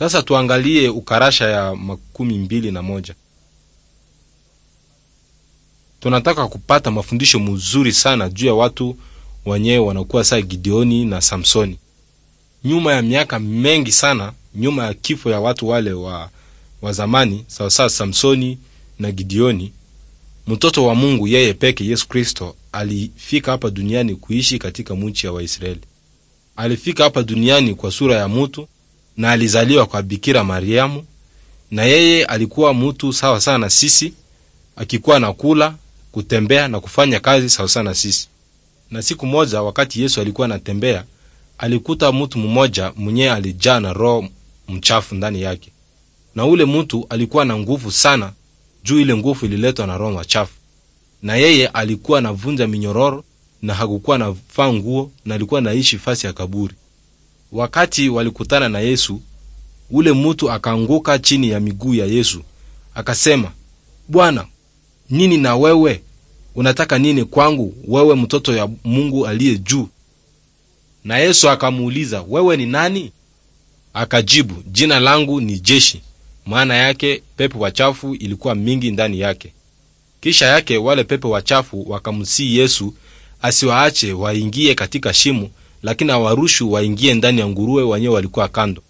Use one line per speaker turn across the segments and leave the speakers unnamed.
Sasa tuangalie ukarasha ya makumi mbili na moja. Tunataka kupata mafundisho mzuri sana juu ya watu wenyewe wanakuwa saa Gideoni na Samsoni, nyuma ya miaka mengi sana, nyuma ya kifo ya watu wale wa, wa zamani sawasawa Samsoni na Gideoni. Mtoto wa Mungu yeye peke Yesu Kristo alifika hapa duniani kuishi katika nchi ya Waisraeli. Alifika hapa duniani kwa sura ya mutu na alizaliwa kwa Bikira Mariamu, na yeye alikuwa mutu sawa sawa na sisi, akikuwa na kula, kutembea na kufanya kazi sawa sawa na sisi. Na siku moja wakati Yesu alikuwa anatembea, alikuta mutu mmoja mwenye alijaa na roho mchafu ndani yake, na ule mutu alikuwa na nguvu sana, juu ile nguvu ililetwa na roho machafu. Na yeye alikuwa anavunja minyororo na hakukuwa anavaa nguo, na alikuwa naishi fasi ya kaburi. Wakati walikutana na Yesu, ule mutu akaanguka chini ya miguu ya Yesu akasema, Bwana, nini na wewe? Unataka nini kwangu, wewe mtoto ya Mungu aliye juu? Na Yesu akamuuliza, wewe ni nani? Akajibu, jina langu ni Jeshi, maana yake pepo wachafu ilikuwa mingi ndani yake. Kisha yake wale pepo wachafu wakamsii Yesu asiwaache waingie katika shimo lakini hawarushu waingie ndani ya nguruwe wenyewe walikuwa kando.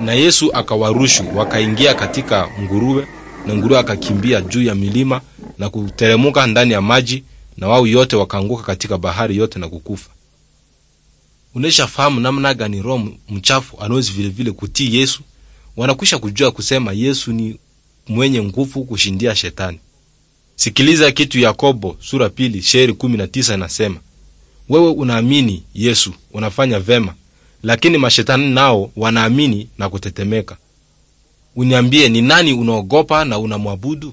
Na Yesu akawarushu wakaingia katika nguruwe, na nguruwe akakimbia juu ya milima na kuteremuka ndani ya maji, na wao yote wakaanguka katika bahari yote na kukufa. Unesha fahamu namna gani roho mchafu anawezi vilevile kutii Yesu. Wanakwisha kujua kusema Yesu ni mwenye nguvu kushindia shetani. Sikiliza kitu Yakobo sura pili sheri 19 inasema wewe unaamini Yesu, unafanya vema, lakini mashetani nao wanaamini na kutetemeka. Uniambie, ni nani unaogopa na unamwabudu?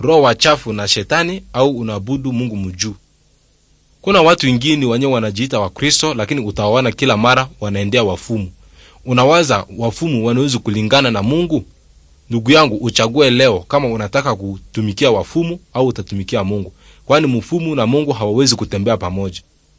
Roho wachafu na shetani, au unaabudu Mungu mjuu? Kuna watu wengine wenyewe wanajiita Wakristo, lakini utawaona kila mara wanaendea wafumu. Unawaza wafumu wanawezi kulingana na Mungu? Ndugu yangu, uchague leo kama unataka kutumikia wafumu au utatumikia Mungu kwani mfumo na Mungu hawawezi kutembea pamoja.